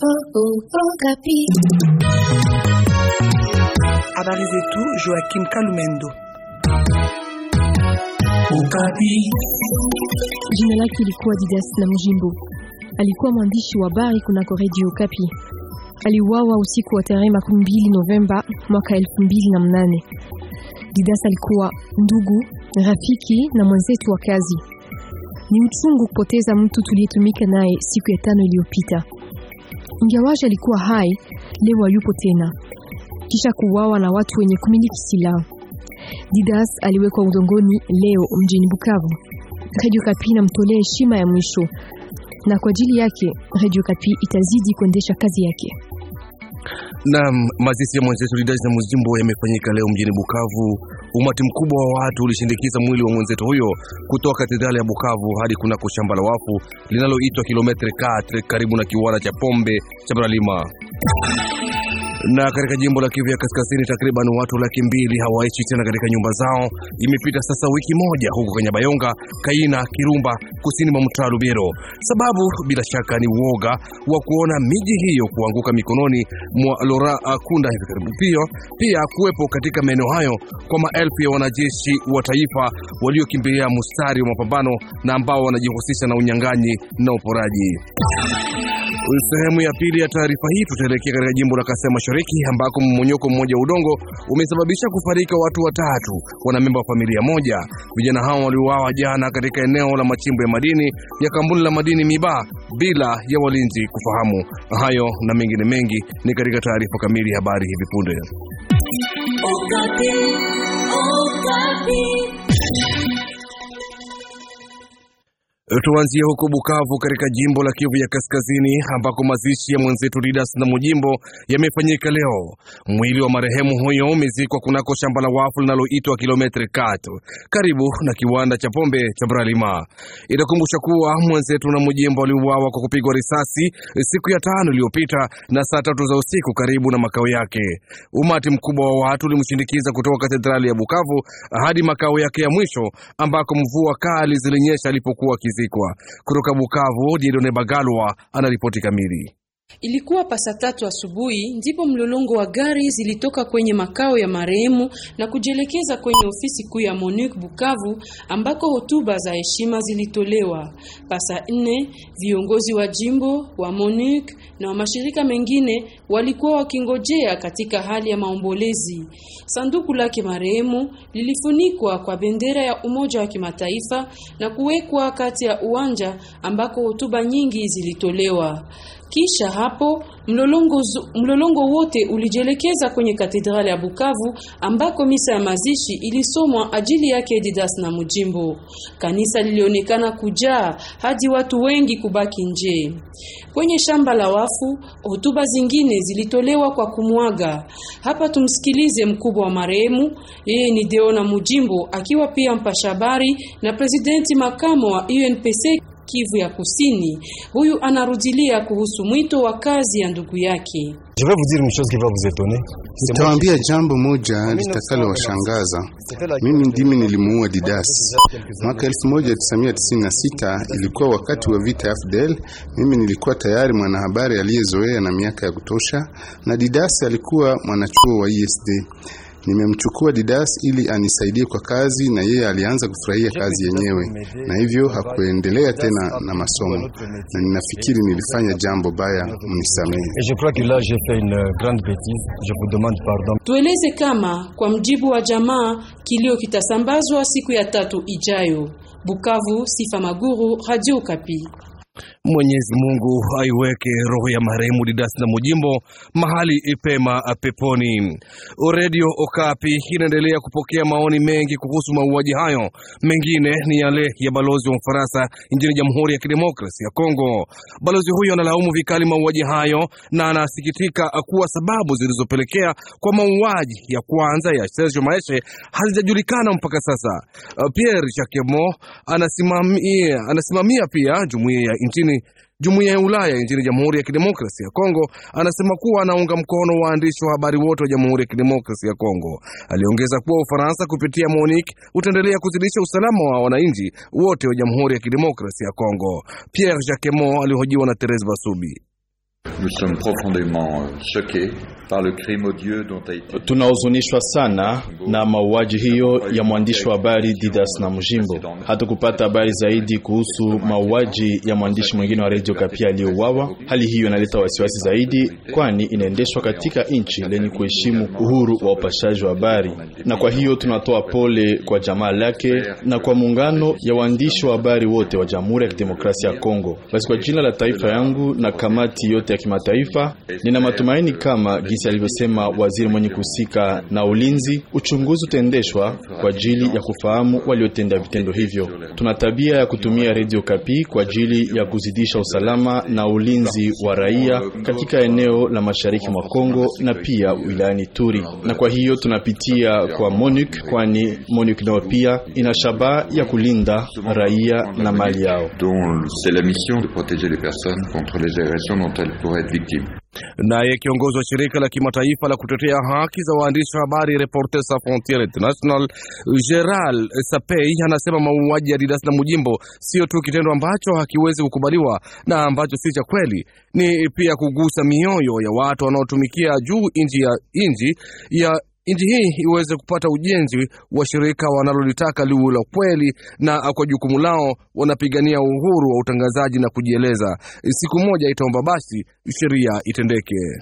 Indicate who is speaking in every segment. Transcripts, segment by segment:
Speaker 1: Oh, Habari zetu Joaquim Kalumendo.
Speaker 2: Jina lake ilikuwa Didas na Mjimbo. Alikuwa mwandishi wa habari kunako Radio Okapi. Aliuawa usiku wa tarehe 12 Novemba mwaka 2008. Didas alikuwa ndugu, rafiki na mwenzetu wa kazi. Ni uchungu kupoteza mtu tuliyetumika naye siku ya tano iliyopita. Ingawaje alikuwa hai, leo hayupo tena, kisha kuuawa na watu wenye kumiliki silaha. Didas aliwekwa udongoni leo mjini Bukavu. Radio Kapi inamtolea heshima ya mwisho, na kwa ajili yake Radio Kapi itazidi kuendesha kazi yake.
Speaker 3: Naam, mazishi ya mwenzetu Didas na Muzimbo yamefanyika leo mjini Bukavu. Umati mkubwa wa watu ulishindikiza mwili wa mwenzetu huyo kutoka katedrali ya Bukavu hadi kunako shamba la wafu linaloitwa kilometre 4 karibu na kiwanda cha pombe cha Bralima. Na katika jimbo la Kivu ya Kaskazini, takriban watu laki mbili hawaishi tena katika nyumba zao. Imepita sasa wiki moja huko Kanyabayonga, Kaina, Kirumba, kusini mwa mtaa Lubero. Sababu bila shaka ni uoga wa kuona miji hiyo kuanguka mikononi mwa Lora Akunda hivi karibuni, pia kuwepo katika maeneo hayo kwa maelfu ya wanajeshi wa taifa waliokimbilia mstari wa mapambano na ambao wanajihusisha na unyang'anyi na uporaji. Sehemu ya pili ya taarifa hii tutaelekea katika jimbo la Kasai Mashariki ambako mmonyoko mmoja wa udongo umesababisha kufarika watu watatu wanamemba wa familia moja. Vijana hao waliuawa jana katika eneo la machimbo ya madini ya kampuni la madini Miba bila ya walinzi kufahamu. Hayo na mengine mengi ni katika taarifa kamili, habari hivi punde. Tuanzie huko Bukavu katika jimbo la Kivu ya Kaskazini ambako mazishi ya mwenzetu Didas na Mujimbo yamefanyika leo. Mwili wa marehemu huyo umezikwa kunako shamba la wafu linaloitwa kilometre 4 karibu na kiwanda cha pombe cha Bralima. Itakumbusha kuwa mwenzetu na Mujimbo aliuawa kwa kupigwa risasi siku ya tano iliyopita na saa tatu za usiku karibu na makao yake. Umati mkubwa wa watu ulimshindikiza kutoka katedrali ya Bukavu hadi makao yake ya mwisho ambako mvua kali zilinyesha alipokuwa kizi kuzikwa. Kutoka Bukavu, Diedone Bagalwa ana ripoti kamili.
Speaker 4: Ilikuwa pasa tatu asubuhi ndipo mlolongo wa gari zilitoka kwenye makao ya marehemu na kujielekeza kwenye ofisi kuu ya Monique Bukavu ambako hotuba za heshima zilitolewa. Pasa nne, viongozi wa jimbo wa Monique na wa mashirika mengine walikuwa wakingojea katika hali ya maombolezi. Sanduku lake marehemu lilifunikwa kwa bendera ya Umoja wa Kimataifa na kuwekwa kati ya uwanja ambako hotuba nyingi zilitolewa. Kisha hapo mlolongo, mlolongo wote ulijielekeza kwenye katedrali ya Bukavu ambako misa ya mazishi ilisomwa ajili yake Edidas na Mujimbo. Kanisa lilionekana kujaa hadi watu wengi kubaki nje. Kwenye shamba la wafu, hotuba zingine zilitolewa kwa kumwaga. Hapa tumsikilize mkubwa wa marehemu, yeye ni Deona Mujimbo akiwa pia mpashabari na presidenti makamo wa UNPC Kivu ya Kusini. Huyu anarudilia kuhusu mwito wa kazi ya ndugu yake.
Speaker 5: Nitawaambia jambo moja litakalowashangaza. Mimi ndimi nilimuua Didas mwaka 1996, ilikuwa wakati wa vita ya FDL. Mimi nilikuwa tayari mwanahabari aliyezoea na miaka ya kutosha, na Didas alikuwa mwanachuo wa ISD. E Nimemchukua Didas ili anisaidie kwa kazi, na yeye alianza kufurahia kazi yenyewe, na hivyo hakuendelea tena na masomo, na ninafikiri nilifanya jambo baya,
Speaker 3: mnisamehe.
Speaker 4: Tueleze kama kwa mjibu wa jamaa kilio kitasambazwa siku ya tatu ijayo. Bukavu, Sifa Maguru, Radio Kapi.
Speaker 3: Mwenyezi Mungu aiweke roho ya marehemu Didas na Mujimbo mahali pema peponi. Redio Okapi inaendelea kupokea maoni mengi kuhusu mauaji hayo, mengine ni yale ya balozi wa Ufaransa nchini Jamhuri ya Kidemokrasia ya Kongo. Balozi huyo analaumu vikali mauaji hayo na anasikitika kuwa sababu zilizopelekea kwa mauaji ya kwanza ya Serge Maeshe hazijajulikana mpaka sasa. Pierre Chakemo anasimamia, anasimamia pia jumuiya ya nchini jumuiya ya Ulaya nchini Jamhuri ya Kidemokrasia ya Kongo, anasema kuwa anaunga mkono waandishi wa habari wote wa Jamhuri ya Kidemokrasia ya Kongo. Aliongeza kuwa Ufaransa kupitia Monique utaendelea kuzidisha usalama wa wananchi wote wa Jamhuri ya Kidemokrasia ya Kongo. Pierre Jacquemot alihojiwa na Therese Basubi.
Speaker 6: Nous sommes profondément euh, choqués par le crime odieux dont a été... Tunahuzunishwa sana na mauaji hiyo ya mwandishi wa habari Didas na Mjimbo. Hatukupata habari zaidi kuhusu mauaji ya mwandishi mwingine wa Radio kapia aliyouawa. Hali hiyo inaleta wasiwasi zaidi, kwani inaendeshwa katika nchi lenye kuheshimu uhuru wa upashaji wa habari, na kwa hiyo tunatoa pole kwa jamaa lake na kwa muungano ya waandishi wa habari wote wa Jamhuri ya Kidemokrasia ya Kongo. Basi kwa jina la taifa yangu na kamati yote kimataifa. Nina matumaini kama jinsi alivyosema waziri mwenye kuhusika na ulinzi, uchunguzi utaendeshwa kwa ajili ya kufahamu waliotenda vitendo hivyo. Tuna tabia ya kutumia redio Kapi kwa ajili ya kuzidisha usalama na ulinzi wa raia katika eneo la mashariki mwa Kongo na pia wilayani Turi, na kwa hiyo tunapitia kwa MONUC, kwani MONUC nayo pia ina shabaha ya kulinda raia na mali yao.
Speaker 1: C'est la mission de protéger les personnes contre les agressions dont
Speaker 3: elles victim. Naye kiongozi wa shirika la kimataifa la kutetea haki za waandishi wa habari Reporters Sans Frontieres International Gerald Sapei anasema mauaji ya Didas na Mujimbo sio tu kitendo ambacho hakiwezi kukubaliwa na ambacho si cha kweli, ni pia kugusa mioyo ya watu wanaotumikia juu inji ya, inji ya nchi hii iweze kupata ujenzi wa shirika wanalolitaka liwe la kweli, na kwa jukumu lao wanapigania uhuru wa utangazaji na kujieleza. Siku moja itaomba basi sheria itendeke.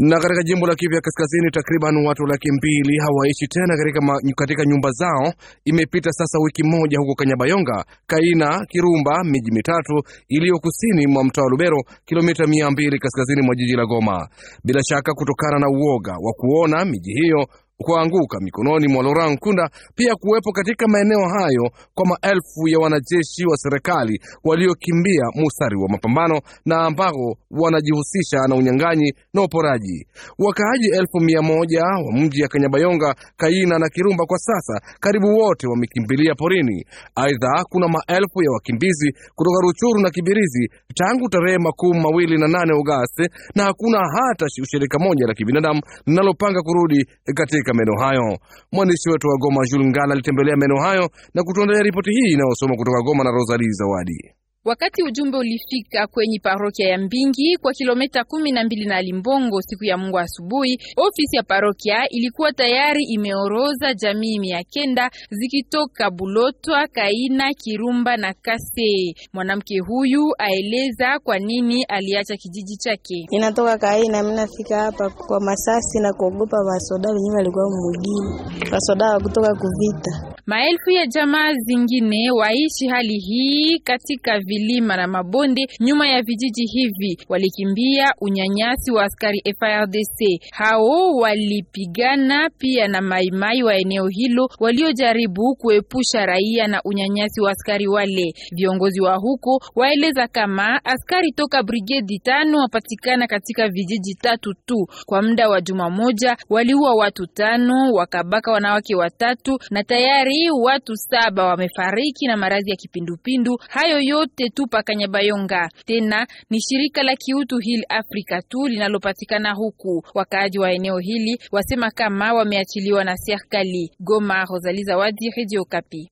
Speaker 3: Na katika jimbo la Kivu ya Kaskazini, takriban watu laki mbili hawaishi tena katika, ma, katika nyumba zao. Imepita sasa wiki moja huko Kanyabayonga, Kaina, Kirumba, miji mitatu iliyo kusini mwa mtaa wa Lubero, kilomita mia mbili kaskazini mwa jiji la Goma, bila shaka kutokana na uoga wa kuona miji hiyo kuanguka mikononi mwa Laurent Nkunda, pia kuwepo katika maeneo hayo kwa maelfu ya wanajeshi wa serikali waliokimbia mustari wa mapambano na ambao wanajihusisha na unyang'anyi na uporaji. Wakaaji elfu mia moja wa mji ya Kanyabayonga, Kaina na Kirumba kwa sasa karibu wote wamekimbilia porini. Aidha, kuna maelfu ya wakimbizi kutoka Ruchuru na Kibirizi tangu tarehe makumi mawili na nane Agosti, na hakuna hata shirika moja la kibinadamu linalopanga kurudi katika katika maeneo hayo. Mwandishi wetu wa Goma Jules Ngala alitembelea maeneo hayo na kutuandalia ripoti hii inayosoma kutoka Goma na Rosalie Zawadi.
Speaker 2: Wakati ujumbe ulifika kwenye parokia ya Mbingi kwa kilomita kumi na mbili na limbongo siku ya Mungu asubuhi, ofisi ya parokia ilikuwa tayari imeoroza jamii mia kenda zikitoka Bulotwa, Kaina, Kirumba na Kase. Mwanamke huyu aeleza kwa nini aliacha kijiji chake. Inatoka Kaina, minafika hapa kwa masasi na kuogopa wasoda wenyewe walikuwa mwingine wasoda wa kutoka kuvita. Maelfu ya jamaa zingine waishi hali hii katika vilima na mabonde nyuma ya vijiji hivi walikimbia unyanyasi wa askari FARDC. Hao walipigana pia na maimai wa eneo hilo waliojaribu kuepusha raia na unyanyasi wa askari wale. Viongozi wa huko waeleza kama askari toka brigedi tano wapatikana katika vijiji tatu tu. Kwa muda wa juma moja waliua watu tano, wakabaka wanawake watatu, na tayari watu saba wamefariki na maradhi ya kipindupindu. Hayo yote yote tu pa Kanyabayonga. Tena ni shirika la kiutu hili Afrika tu linalopatikana huku. Wakaaji wa eneo hili wasema kama wameachiliwa na serikali. Goma, Rosalie Zawadi, Radio Kapi.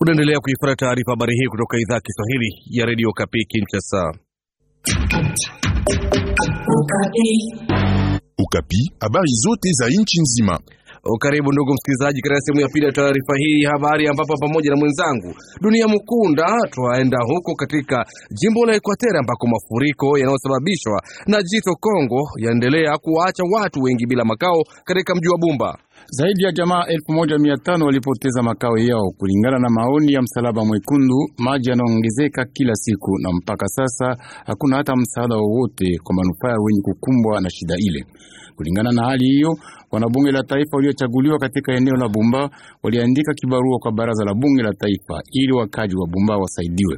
Speaker 3: Unaendelea kuifuata taarifa habari hii kutoka idhaa ya Kiswahili ya Radio Kapi Kinshasa. Ukapi, habari zote za nchi nzima karibu ndugu msikilizaji, katika sehemu ya pili ya taarifa hii habari, ambapo pamoja na mwenzangu Dunia mkunda twaenda huko katika jimbo la Ekwatera ambako mafuriko yanayosababishwa na jito Kongo yaendelea kuwaacha watu wengi bila makao katika mji wa Bumba. Zaidi ya jamaa 1500 walipoteza
Speaker 5: makao yao kulingana na maoni ya Msalaba Mwekundu. Maji yanaongezeka kila siku na mpaka sasa hakuna hata msaada wowote kwa manufaa wenye kukumbwa na shida ile. Kulingana na hali hiyo, wanabunge la taifa waliochaguliwa katika eneo la Bumba waliandika kibarua kwa baraza la bunge la taifa ili wakaji wa Bumba wasaidiwe.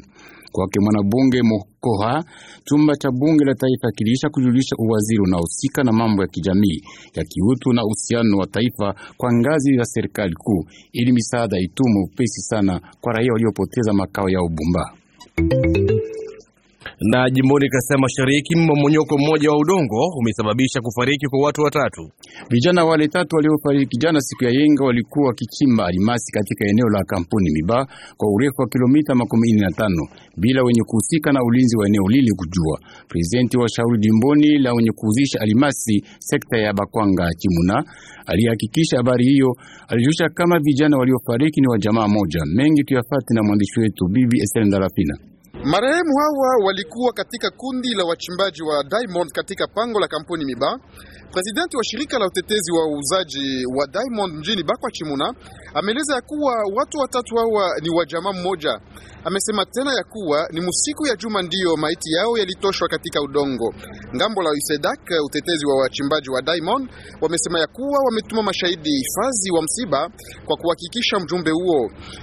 Speaker 5: Kwake mwanabunge Mokoha, chumba cha bunge la taifa kiliisha kujulisha uwaziri unaohusika na mambo ya kijamii ya kiutu na uhusiano wa taifa kwa ngazi ya serikali kuu, ili misaada itumwe upesi sana kwa raia waliopoteza makao yao Bumba. Na jimboni Kasai Mashariki, mmomonyoko mmoja wa udongo umesababisha kufariki kwa watu watatu. Vijana wale tatu waliofariki jana siku ya yenga walikuwa wakichimba alimasi katika eneo la kampuni Miba kwa urefu wa kilomita makumi na tano bila wenye kuhusika na ulinzi wa eneo lile kujua. Prezidenti wa shauri jimboni la wenye kuuzisha alimasi sekta ya Bakwanga Chimuna alihakikisha habari hiyo. alijusha kama vijana waliofariki ni wa jamaa moja. Mengi tuyafati na mwandishi wetu Bibi Esther Ndarafina.
Speaker 6: Marehemu hawa walikuwa katika kundi la wachimbaji wa diamond katika pango la kampuni Miba Presidenti wa shirika la utetezi wa uzaji wa Diamond mjini Bakwa Chimuna ameeleza ya kuwa watu watatu hawa ni wa jamaa mmoja. Amesema tena ya kuwa ni musiku ya juma ndiyo maiti yao yalitoshwa katika udongo. Ngambo la Isedak. utetezi wa wachimbaji wa Diamond, wamesema ya kuwa wametuma mashahidi hifadhi wa msiba kwa kuhakikisha mjumbe huo.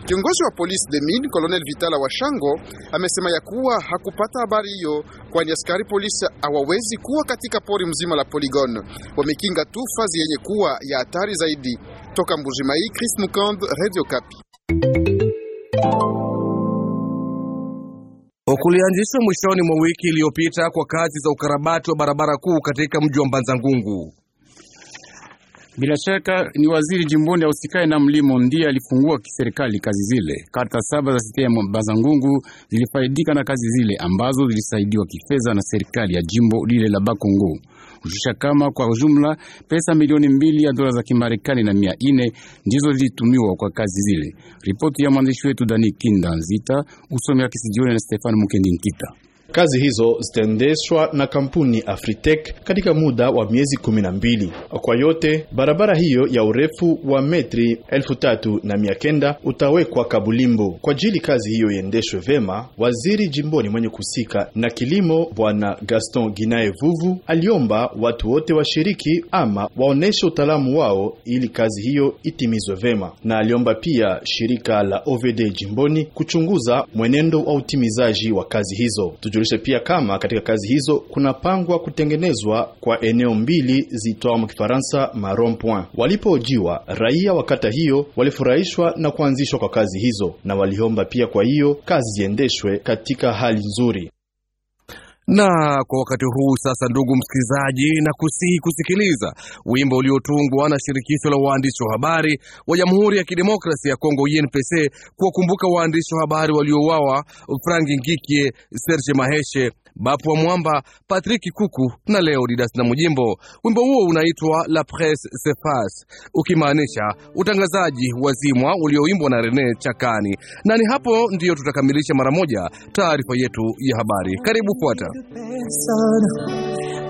Speaker 6: Kiongozi wa polisi mine Colonel Vitala Washango, amesema ya kuwa hakupata habari hiyo, kwani askari polisi hawawezi kuwa katika pori mzima la Polygon wamekinga tu fazi yenye kuwa ya hatari zaidi. Toka Mbujimai, Chris Mukand, Radio Kapi.
Speaker 3: Kulianzishwa mwishoni mwa wiki iliyopita kwa kazi za ukarabati wa barabara kuu katika mji wa Mbanza Ngungu. Bila shaka ni waziri jimboni ausikae na mlimo
Speaker 5: ndiye alifungua kiserikali kazi zile. karta saba za site ya Bazangungu zilifaidika na kazi zile ambazo zilisaidiwa kifedha na serikali ya jimbo lile la Bakongo. Kushusha kama kwa jumla pesa milioni mbili ya dola za Kimarekani na mia ine ndizo zilitumiwa kwa kazi zile. Ripoti ya mwandishi wetu Dani Kinda Nzita usomi wa kisijioni na Stefan Mukendi Nkita.
Speaker 6: Kazi hizo zitaendeshwa na kampuni Afritech katika muda wa miezi kumi na mbili. Kwa yote, barabara hiyo ya urefu wa metri elfu tatu na mia kenda utawekwa Kabulimbo. Kwa ajili kazi hiyo iendeshwe vema, waziri jimboni mwenye kusika na kilimo Bwana Gaston Ginae Vuvu aliomba watu wote washiriki ama waoneshe utaalamu wao ili kazi hiyo itimizwe vema, na aliomba pia shirika la OVD jimboni kuchunguza mwenendo wa utimizaji wa kazi hizo Tujuli Tujulishe pia kama katika kazi hizo kunapangwa kutengenezwa kwa eneo mbili zitoa mu Kifaransa maron point. Walipoojiwa raia wa kata hiyo walifurahishwa na kuanzishwa kwa kazi hizo, na waliomba pia kwa hiyo kazi ziendeshwe katika hali nzuri.
Speaker 3: Na kwa wakati huu sasa, ndugu msikilizaji, na kusihi kusikiliza wimbo uliotungwa na shirikisho la waandishi wa habari wa Jamhuri ya Kidemokrasia ya Kongo UNPC kuwakumbuka waandishi wa habari waliouawa Frank Ngikie, Serge Maheshe, Bapu wa Mwamba, Patrick Kuku na Didas na Mujimbo. Wimbo huo unaitwa La Presse se Passe, ukimaanisha utangazaji wazimwa ulioimbwa na Rene Chakani, na ni hapo ndiyo tutakamilisha mara moja taarifa yetu ya habari. Karibu fuata de
Speaker 1: personnes,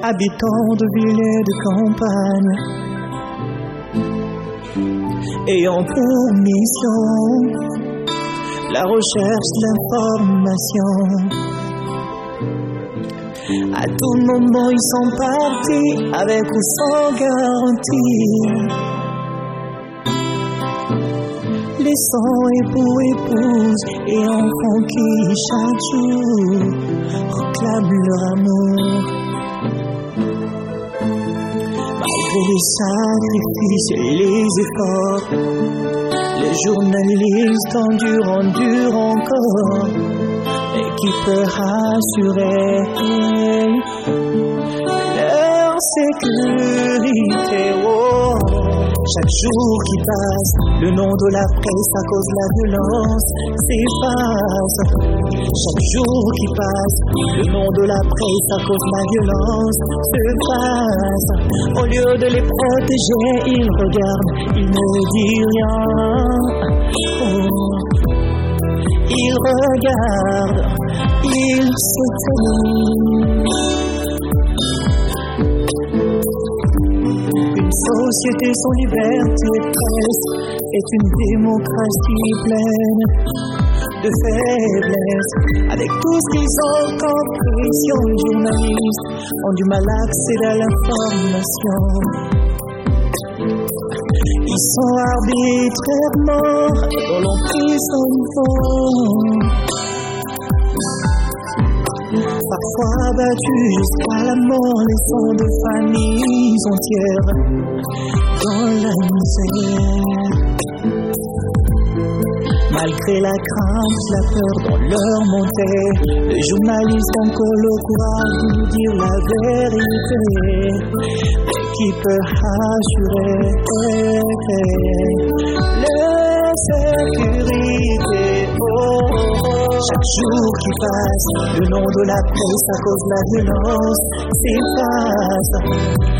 Speaker 1: habitants de villes et de campagnes, ayant pour mission la recherche d'informations. À tout moment, ils sont partis avec ou sans garantie laissant époux, épouse et enfants qui chaque proclament leur amour. Malgré les sacrifices et les efforts, les journalistes endurent, endurent encore. Mais qui peut rassurer leur sécurité? Oh. Chaque jour qui passe, le nom de la presse à cause de la violence s'efface. Chaque jour qui passe, le nom de la presse à cause la violence se passe. Au lieu de les protéger, ils regardent, ils ne disent rien. Oh. Ils regardent, ils se société sans liberté de presse est une démocratie pleine de faiblesse. Avec tous ce qu'ils ont en pression, les journalistes ont du mal à accéder à l'information. Ils sont arbitrairement dans l'emprise fond parfois battus jusqu'à la mort, laissant des familles entières dans la misère. Malgré la crainte, la peur dans leur montée, les journalistes encore le courage de dire la vérité, mais qui peut rassurer Chaque jour qui passe, le nom de la presse à cause la violence s'efface.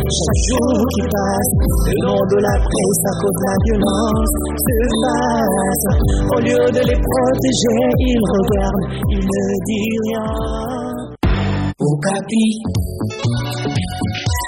Speaker 1: Chaque jour qui passe, le nom de la presse à cause la violence C'est Au lieu de les protéger, ils regardent, ils ne disent rien. Au capi.